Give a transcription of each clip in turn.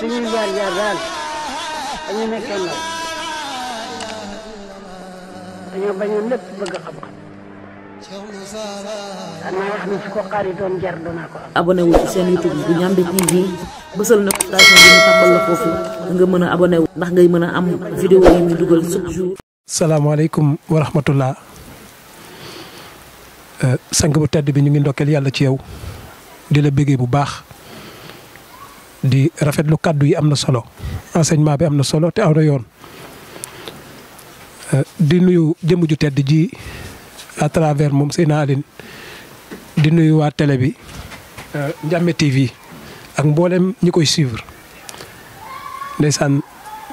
sini jaar-jaaral dañu nekkee ndaw dañoo bañoon lépp bëgg abonné wu ci youtube bu ñambi tv bësal notification bi ñu tàmbal la foofu nga mën abonné wu ndax ngay am vidéo yi ñu dugal chaque jour salaamaaleykum wa rahmatullah eh, sang bu tedd bi ñu ngi ndokkeel ci yow di la bu baax di rafetlu kàddu yi am na solo enseignement bi am na solo te aw na yoon euh, di nuyu jëmm ju tedd ji à travers moom Seyna Aline di nuyu waa télé bi euh, Ndiamé TV ak mbooleem ñi koy suivre ndeysaan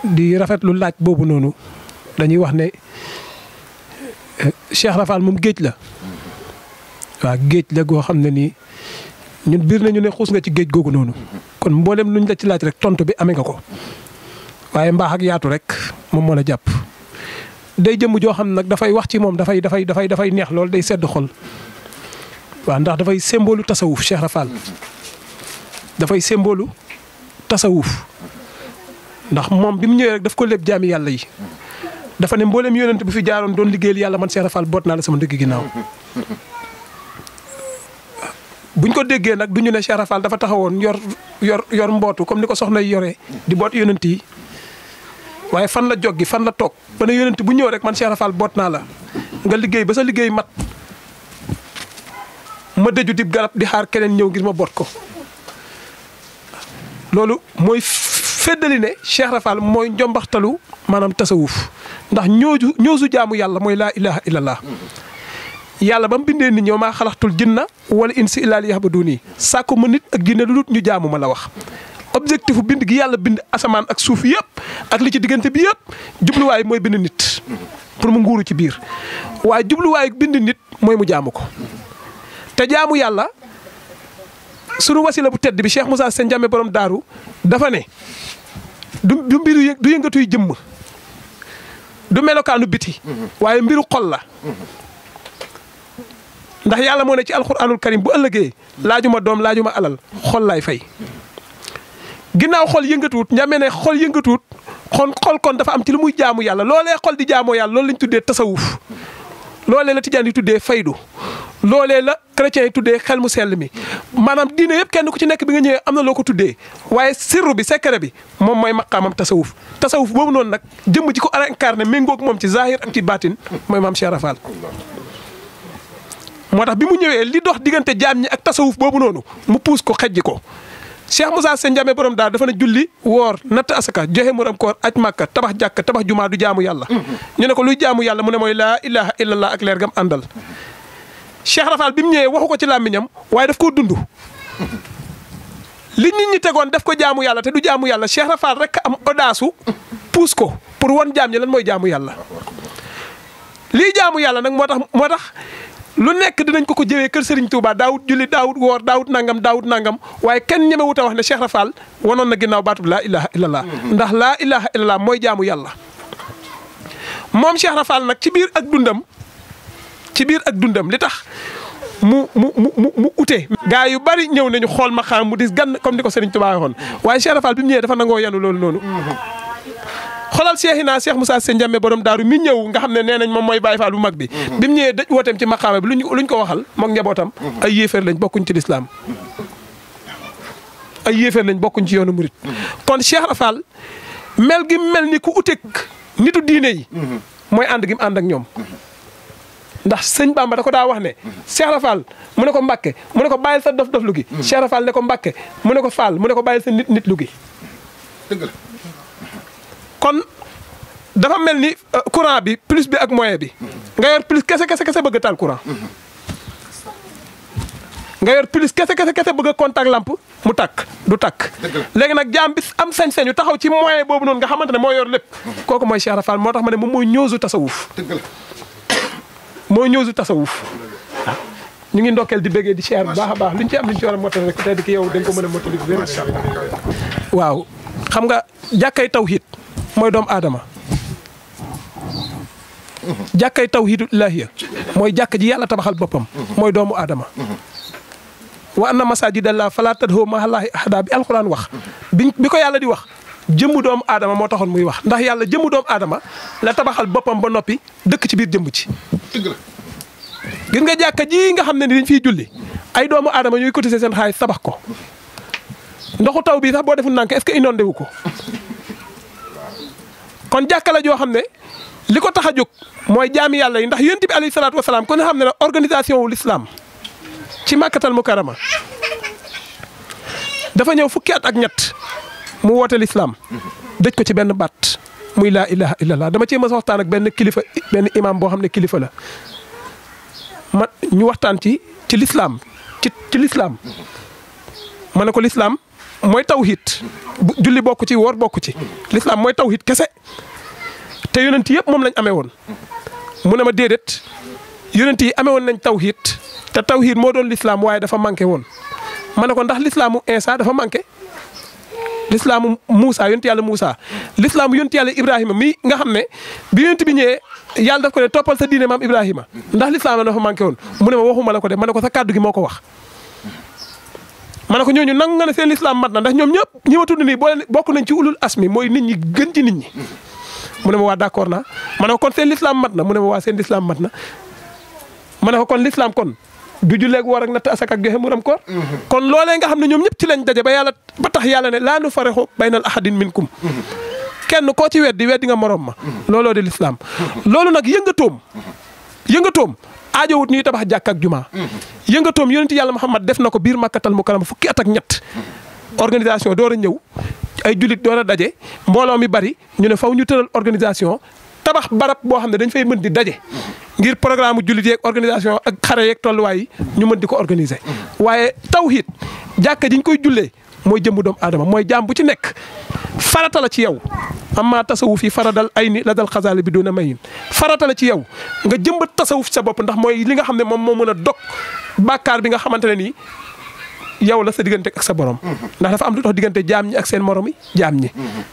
di rafetlu laaj boobu noonu dañuy wax ne euh, Cheikh Rafal moom géej la waa géej la goo xam ne nii ñun biir ñu ne xuus nga ci géej googu noonu. kon mboolem luñ la ci laaj rek tontu bi amee nga ko waaye mbaax ak yaatu rek moom moo la jàpp. day jëmm joo xam nag dafay wax ci moom dafay dafay dafay dafay neex lool day sedd waaw ndax dafay symbole tasawuf Cheikh Rafal dafay symbole tasawuf ndax moom bi mu ñëwee rek daf ko lépp jaami yàlla yi. dafa ne mboolem yonent bu fi jaaroon doon liggéeyal yàlla man Cheikh Rafal boot naa la sama ndëgg ginnaaw. bu buñ ko déggee nag duñu ne Cheikh Rafal dafa taxawoon yor yor yor mbootu comme ni ko soxna yi yoree di boot yonent yi waaye fan la joggi fan la toog ba ne yonent bu ñëw rek man Cheikh boot naa la nga liggéey ba sa liggéey mat ma dëju di garab di xaar keneen ñëw ngir ma boot ko loolu mooy feddali ne Cheikh Rafal mooy njombaxtalu maanaam tasawuf ndax ñooju ñoosu jaamu yàlla mooy laa ilaha illallah yàlla ba mu bindee nit ñoo maa xalaxtul jinna wala insi illaa li ya'buduni sàkku ma nit ak jinne lu dul ñu jaamuma la wax. objectif bind gi yàlla bind asamaan ak suuf yëpp ak li ci diggante bi yëpp jubluwaay mooy bind nit pour mu nguuru ci biir waaye jubluwaay bind nit mooy mu jaamu ko te jaamu yàlla sunu wasila bu tedd bi Cheikh Moussa Sène Ndiamé borom daaru dafa ne du du mbiru du yëngatuy jëmm du melokaanu biti mm-hmm. waaye mbiru xol la. Mm-hmm. ndax yàlla moo ne ci alxuraanul karim bu ëllëgee laajuma doom laajuma alal xol laay fay ginnaaw xol yëngatuwut ñamee ne xol yëngatuwut kon xol kon dafa am ci lu muy jaamu yàlla loolee xol di jaamoo yàlla loolu lañ tuddee tasawuf loolee la tijaan yi tuddee faydu loolee la chrétien yi tuddee xel mu sell mi maanaam diine yëpp kenn ku ci nekk bi nga ñëwee am na loo ko tuddee waaye sirru bi secret bi moom mooy maqaamam tasawuf tasawuf boobu noonu nag jëmm ji ko incarné méngoog moom ci zahir ak ci baatin mooy maam Cheikh Rafal moo tax bi mu ñëwee li dox diggante jaam ñi ak tasawuf boobu noonu mu puus ko xejji ko Cheikh Moussa Sène Ndiamé borom daal dafa ne julli woor natt asaka joxe muram koor aj màkka tabax jàkka tabax jumaa du jaamu yàlla. Mm-hmm. ñu ne ko luy jaamu yàlla mu ne mooy laa ilaha illallah ak leer gam àndal. Cheikh Rafal bi mu ñëwee waxu ko ci làmmiñam waaye daf koo dund. nit ñi tegoon def ko jaamu yàlla te du jaamu yàlla Cheikh Rafal rek am odaasu puus ko pour won jaam ñi mooy jaamu yàlla. lii jaamu yàlla nag moo tax moo tax lu nekk dinañ ko ko jëwee kër Serigne Touba daawut julli daawut woor daawut nangam daawut nangam waaye kenn ñemewut a wax ne Cheikh Rafal wanoon na ginnaaw baatub laa ilaha illallah mm-hmm. ndax laa ilaha illallah mooy jaamu yàlla moom Cheikh Rafal nag ci biir ak dundam ci biir ak dundam li tax mu mu mu mu mu ute. gaa yu bari ñëw nañu xool ma xam mu dis gan comme ni ko Serigne e waxoon mm-hmm. waaye Cheikh Rafal bi mu ñëwee dafa nangoo yanu loolu noonu. Mm-hmm. xolal Cheikhina Cheikh Moussa Seye Ndiamé borom daaru mi ñëw nga xam ne nee nañ moom mooy Baye Fall bu mag bi mhm. bi mu ñëwee dëj wooteem ci maqaama bi luñ luñ ko waxal mook njabootam mhm. ay yéeféer lañ bokkuñ ci lislaam ay lañ bokkuñ ci yoonu murit mhm. kon Cheikh Fall mel gim mel ni ku utek nitu diine yi mooy ànd gim ànd ak ñoom ndax sëñ Bamba da ko daa wax ne Cheikh Rafal mu ne ko Mbàkke mu ne ko bàyyil sa dof dof lu gi Cheikh ne ko Mbàkke mu ne ko Fall mu ne ko bàyyil sa nit nit lu dëgg kon dafa melni ni euh, courant bi plus bi ak moyen bi nga yor plus kese kese kese bëgg tal courant nga yor plus kese kese kese bëgg contact lampe mu tak du tak léegi nak jam bis am sañ-sañu taxaw ci moyen bobu non nga xamantene mo yor lepp koku moy Cheikh Rafal motax mané ma moy moom tasawuf mooy ñoosu tasawuf ñu ngi ndokkeel di bëggé di Cheikh bu baax baax luñ ci am luñ ci wara motal rek tey di ki yow dañ ko mën a mottali waaw xam nga jakkay tawhid mooy doomu aadama jàkkay tawhiidul ilaahiya mooy jàkk ji yàlla tabaxal boppam mooy doomu aadama wa anna masaajida llaahi falaa tad'uu ma'a llaahi ahadaa bi alxuraan wax bi ko yàlla di wax jëmmu doomu aadama moo taxoon muy wax ndax yàlla jëmmu doomu aadama la tabaxal boppam ba noppi dëkk ci biir jëmm ci gis nga jàkka ji nga xam ne ni dañ julli ay doomu aadama ñooy cotiser seen xaalis tabax ko ndoxu taw bii sax boo defu ndànk est-ce que ko kon jàkka la joo xam ne li ko tax a jóg mooy jaami yàlla yi ndax yonent bi alayhi salaatu wasalaam kon xam ne la organisation wu l'islam ci màkkatal mukarama dafa ñëw fukki at ak ñett mu woote lislaam dëj ko ci benn baat muy laa ilaha illallah dama cee mës a ak benn kilifa benn imam boo xam ne kilifa la ma ñu waxtaan ci ci lislaam ci ci lislaam ma ne ko lislaam mooy tawhid julli bokk ci woor bokk ci lislaam mooy tawhid kese te yonent yëpp moom lañ amee woon mu ne ma déedéet yonent yi amee woon nañ tawhid te tawhid moo doon lislaam waaye dafa manqué woon ma ne ko ndax lislaamu Insa dafa manqué lislaamu Moussa yonent yàlla Moussa lislaamu yonent yàlla Ibrahima mi nga xam ne bi yonent bi ñëwee yàlla daf ko ne toppal sa diine maam Ibrahima ndax lislaam dafa manqué woon mu ne ma waxuma la ko de ma ne ko sa kàddu gi moo ko wax ma ko ñooñu nangu nga ne seen lislaam mat na ndax ñoom ñëpp ñi ma tudd nii boole bokk nañ ci ulul asmi mooy nit ñi gën ci nit ñi. mu ne ma waa d'accord na ma ne kon seen lislaam mat na mu ne ma waa seen lislaam mat na ma ne kon lislaam kon du julleeg war ak natt asak ak joxe muram koor kon loolee nga xam ne ñoom ñëpp ci lañ daje ba yàlla ba tax yàlla ne laa nu farexu baynal ahadin minkum kenn koo ci weer weddi weddi nga morom ma looloo di lislaam loolu nag yëngatoom yëngatoom aajowut ñuy tabax jàkk ak jumaa mm-hmm. yëngatoom yonent yàlla Muhammad def na ko biir Makkatal Mukarrama fukki at ak ñett mm-hmm. organisation door a ñëw ay jullit door a daje mbooloo mi bari ñu ne faw ñu tëral organisation tabax barab boo xam ne dañ fay mën di daje mm-hmm. ngir programme jullit yeeg organisation ak xare yeek tolluwaay yi ñu mën di ko organiser waaye tawhid jàkka ji ñu koy jullee mooy jëmbu doomu aadama mooy jaam bu ci nekk farata la ci yow amma tasawuf yi faradal ay ni la dal xasaali bi doona mayin farata la ci yow nga jëmbat tasawuf sa bopp ndax mooy li nga xam ne moom moo mën a dog bàkkaar bi nga xamante ne nii yow la sa diggante ak sa borom ndax dafa am lu tax diggante jaam ñi ak seen morom yi jaam ñi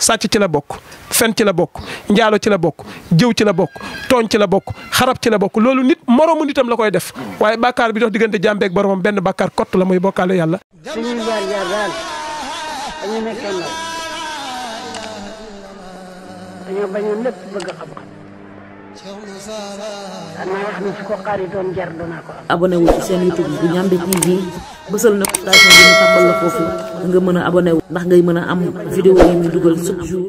sàcc ci la bokk fen ci la bokk njaalo ci la bokk jëw ci la bokk tooñ ci la bokk xarab ci la bokk loolu nit moromu nitam la koy def waaye bàkkaar bi dox diggante jaam beeg boromam benn bàkkaar kott la muy bokkaale yàlla suñuy dañu nekkee ndaw dañoo bañoon lépp bëgg xam-xam xanaa wax ne su ko xaaritoon jar doonaa ko am. abonné seen YouTube bu Ndiamé TV bësal notification bi ñu tàmbal la foofu nga mën a abonné wu ndax ngay mën a am vidéo yi ñu dugal chaque jour.